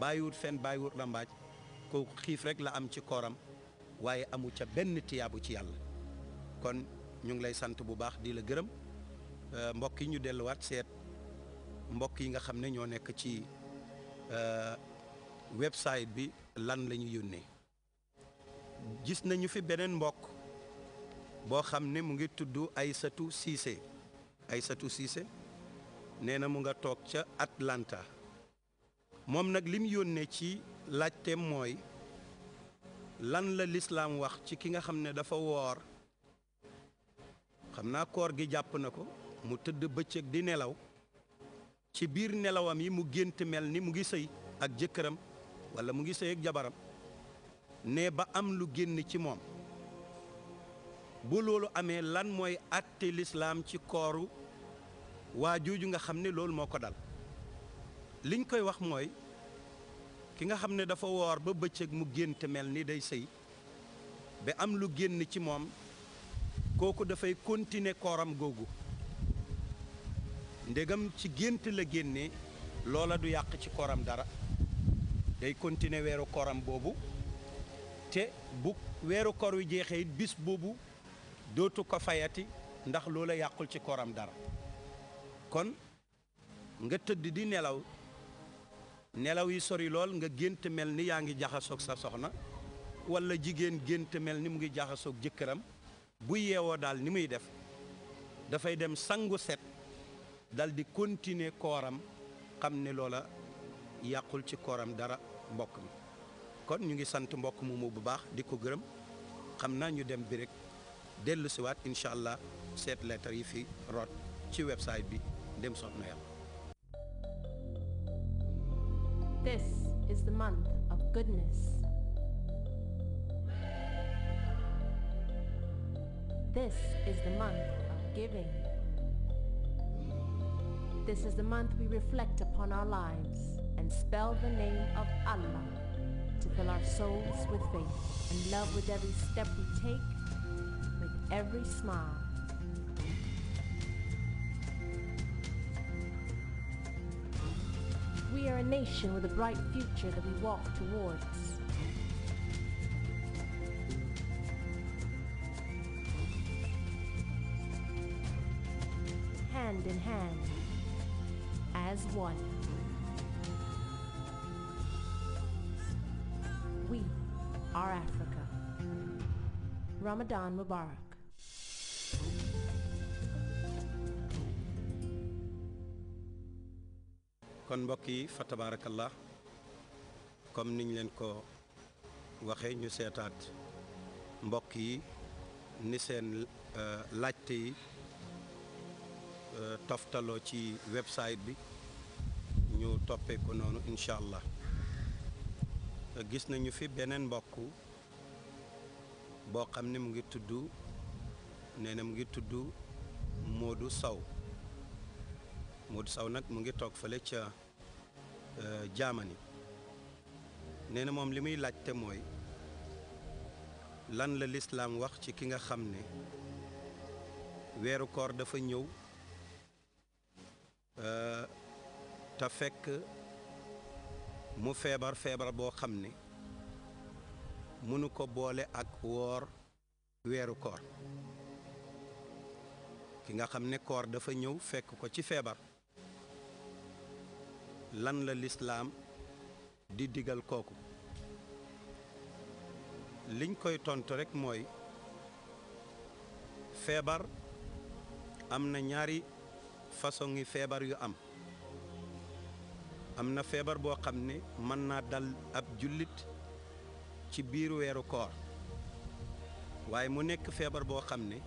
bayiwut fen la lambaaj ko xif rek la am ci koram waye amu ca ben tiyabu ci yalla kon ñu ngi lay sante bu baax di la euh mbokk yi ñu wat set mbokk yi nga xamne ño nek ci euh website bi lan lañu ñu gis nañu fi benen mbokk bo xamne mu ngi tuddu Aysatu cissé Aysatu cissé nee mu nga tok ca Atlanta moom nag lim yónnee ci laajteem mooy lan la lislaam wax ci ki nga xam ne dafa woor xam naa koor gi jàpp na ko mu tëdd bëccëg di nelaw ci biir nelawam yi mu gént mel ni mu ngi sëy ak jëkkëram walla mu ngi sëy jabaram ne ba am lu génn ci moom bu loolu amee lan mooy àtte lislaam ci kooru waa jooju nga xam ne loolu moo ko dal liñ koy wax mooy ki nga xam ne dafa woor ba bëccëg mu gént mel ni day sëy ba am lu génn ci moom kooku dafay continuer kooram googu ndegam ci gént la génne loola du yàq ci kooram dara day continuer weeru kooram boobu te bu weeru koor wi jeexee it bis boobu dootu ko fayati ndax loola yàqul ci kooram dara kon nga tëdd di nelaw nelaw yi sori lool nga gént mel ni yaa ngi jaxasoog sa soxna wala jigéen gént mel ni mu ngi jaxasoog jëkkëram bu yeewoo daal ni muy def dafay dem sangu set dal di continuer kooram xam ne loola yàqul ci kooram dara mbokk mi kon ñu ngi sant mbokk mu mu bu baax di ko gërëm xam naa ñu dem bi rek dellu siwaat incha allah seet lettre yi fi root ci website bi dem soxna yàlla This is the month of goodness. This is the month of giving. This is the month we reflect upon our lives and spell the name of Allah to fill our souls with faith and love with every step we take, with every smile. We are a nation with a bright future that we walk towards. Hand in hand, as one. We are Africa. Ramadan Mubarak. kon mbokk yi fa tabaarakallah comme niñ leen ko waxee ñu seetaat mbokk yi ni seen euh, laajte yi euh, toftaloo ci website bi ñu toppeeku noonu incha allah euh, gis nañu fi beneen mbokk boo xam ne mu ngi tudd nee mu ngi tudd Modou Sow Modou Sow nag mu ngi toog fale ca Jaamani euh, nee na moom li muy laajte mooy lan la lislaam wax ci ki nga xam ne weeru koor dafa ñëw euh, te fekk mu feebar feebar boo xam ne mënu ko boole ak woor weeru koor ki nga xam ne koor dafa ñëw fekk ko ci feebar lan la lislaam di digal kooku liñ koy tontu rekk mooy feebar am na ñaari façon yi feebar yu am am na feebar boo xam ne mën naa dal ab jullit ci biir weeru koor waaye mu nekk feebar boo xam ne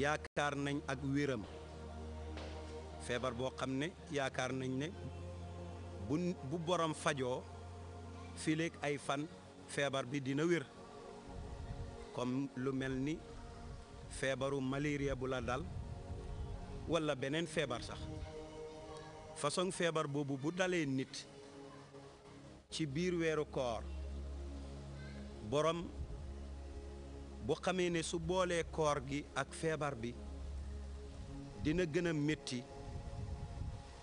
yaakaar nañ ak wéram feebar boo xam ne yaakaar nañ ne bu borom fajoo fileeg ay fan feebar bi dina wér kom lu mel ni feebaru malaria bu la dal walla beneen feebar sax façon feebar boobu bu dalee nit ci biir weeru koor borom bu xamee ne su boolee koor gi ak feebar bi dina gën metti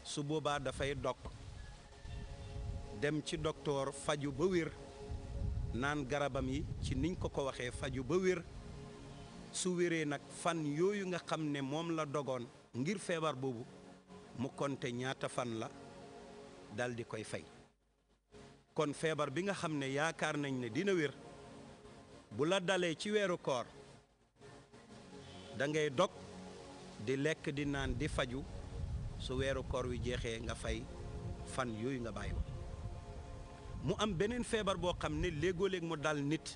su boobaa dafay dog dem ci docteur faju ba wér naan garabam yi ci niñ ko ko waxee faju ba wér su wéree nag fan yooyu nga xam ne moom la dogoon ngir feebar boobu mu konte ñaata fan la daldi koy fay kon feebar bi nga xam ne yaakaar nañ ne dina wér bu la dalee ci weeru koor da dog di lekk di naan di faju su weeru koor wi jeexee nga fay fan yooyu nga bàyyi mu am beneen feebar boo xam ne léegoo mu dal nit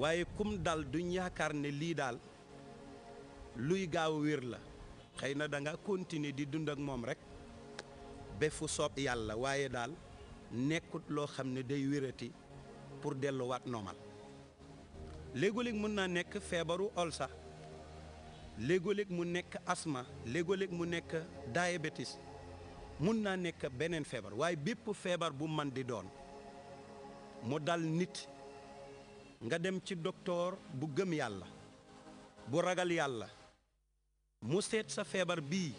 waaye kum dal duñ yaakaar ne lii daal luy gaaw wér la xëy na danga nga di dund ak moom rek ba fu soob yàlla waaye daal nekkut loo xam ne day wérati pour delluwaat normal léegoo mën naa nekk feebaru ol sax léegoo mu nekk asma léegoo mu nekk diabétis mun naa nekk beneen feebar waaye bépp feebar bu man di doon mu dal nit nga dem ci docteur bu gëm yàlla bu ragal yàlla mu seet sa feebar bii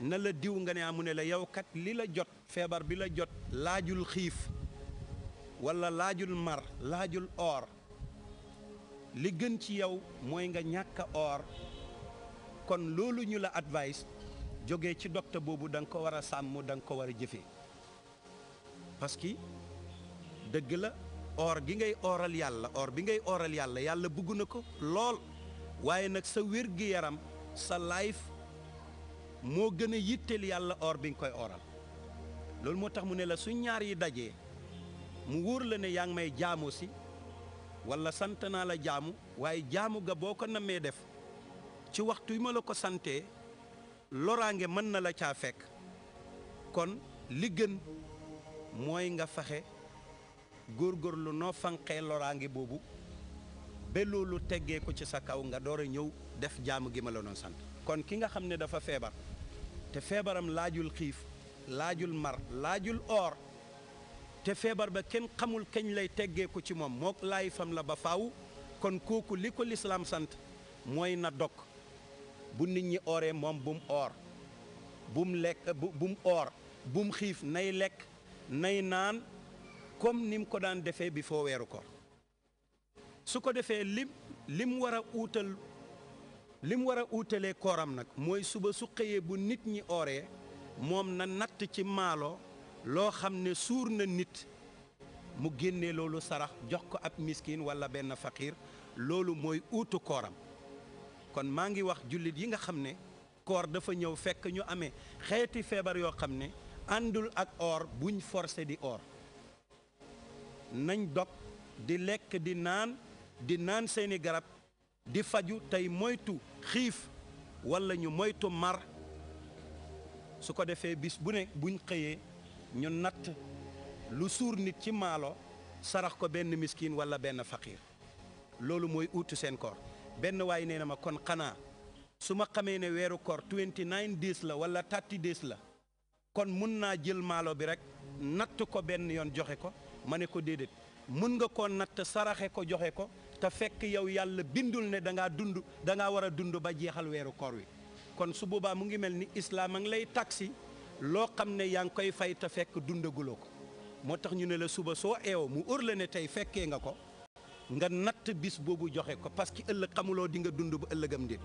nala diw nga ne amu ah, ne la yow kat li la jot feebar bi la jot laajul xiif walla laajul mar laajul oor li gën ci yow mooy nga ñàkk or kon loolu ñu la advice jóge ci docteur boobu da nga ko war a sàmm danga ko war a jëfe parce que dëgg la or gi ngay oral yàlla or bi ngay oral yàlla yàlla bëgg na ko lool waaye nag sa wér gi yaram sa life moo gën a yitteel yàlla or bi nga koy oral loolu moo tax mu ne la su ñaar yi dajee mu wóor la ne yaa ngi may jaamoo si wala sant naa la jaamu waaye jaamu ga boo ko namee def ci waxtu wi ma ko santee loraange mën na la caa fekk kon li gën mooy nga faxe góor góorgóorlu noo fanqee loraange boobu ba loolu teggee ko ci sa kaw nga door a ñëw def jaamu gi ma la doon sant. kon ki nga xam ne dafa feebar te feebaram laajul xiif laajul mar laajul oor. te feebar ba kenn xamul kañ lay teggee teggeeku ci moom mook laay fam la ba faw kon kooku li ko lislaam sant mooy na dog bu nit ñi ooree moom bum oor bum lekk bum oor bum xiif nay lekk nay naan comme nim ko daan defee bi foo weeru koor su ko defee lim lim war a uutal lim war a uutalee kooram nag mooy suba su xëyee bu nit ñi ooree moom na natt ci maalo loo xam ne suur na nit mu génnee loolu sarax jox ko ab miskin wala benn faqiir loolu mooy uutu kooram kon maa ngi wax jullit yi nga xam ne koor dafa ñëw fekk ñu amee xeeti feebar yoo xam ne àndul ak or buñ forcé di or nañ dog di lekk di naan di naan seeni garab di faju tey moytu xiif wala ñu moytu mar su ko defee bis bu ne buñ xëyee ñun natt lu suur nit ci maalo sarax ko benn miskin wala benn faqiir loolu mooy uutu seen kor benn waay nee na ma kon xanaa su ma xamee ne weeru koor 29 days la wala 30 days la kon mun naa jël maalo bi rek natt ko benn yoon joxe ko ma ne ko déedéet mun nga koo natt saraxe ko joxe ko te fekk yow yàlla bindul ne da dund da ngaa war a dund ba jeexal weeru koor wi kon su boobaa mu ngi mel ni islaam a ngi lay taksi loo xam ne yaa ngi koy fay te fekk dundaguloo ko moo tax ñu ne la suba soo eewoo mu óor la ne tey fekkee nga ko nga natt bis boobu joxe ko parce que ëllëg xamuloo di nga dund ba ëllëgam ndit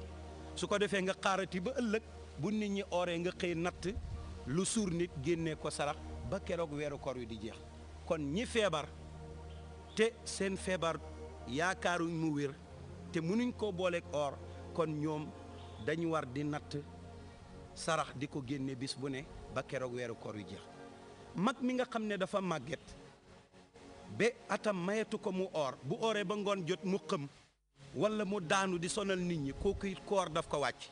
su ko defee nga xaarati ba ëllëg bu nit ñi ooree nga xëy natt lu suur nit génnee ko sarax ba keroog weeru kor wi di jeex kon ñi feebar te seen feebar yaakaaruñ mu wér te mënuñ ko booleeg or kon ñoom dañu war di natt sarax di ko génne bis bu ne ba keroog weeru koor yu jeex mag mi nga xam ne dafa màgget ba atam mayatu ko mu oor bu ooree ba ngoon jot mu xëm walla mu daanu di sonal nit ñi kooku it koor daf ko wàcc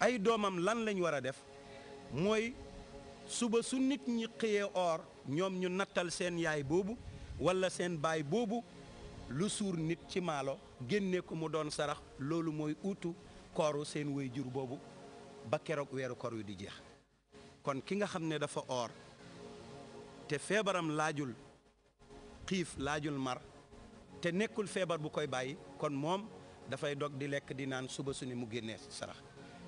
ay doomam lan lañ war a def mooy suba su nit ñi xëyee oor ñoom ñu nattal seen yaay boobu walla seen baay boobu lu suur nit ci maalo génne ko mu doon sarax loolu mooy uutu kooru seen wéy jur boobu ba keroog weeru kor wi di jeex kon ki nga xam ne dafa oor te feebaram laajul xiif laajul mar te nekkul feebar bu koy bàyyi kon moom dafay dog di lekk di naan suba su ni mu génnee sarax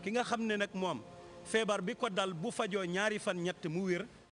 ki nga xam ne nag moom feebar bi ko dal bu fajoo ñaari fan ñett mu wér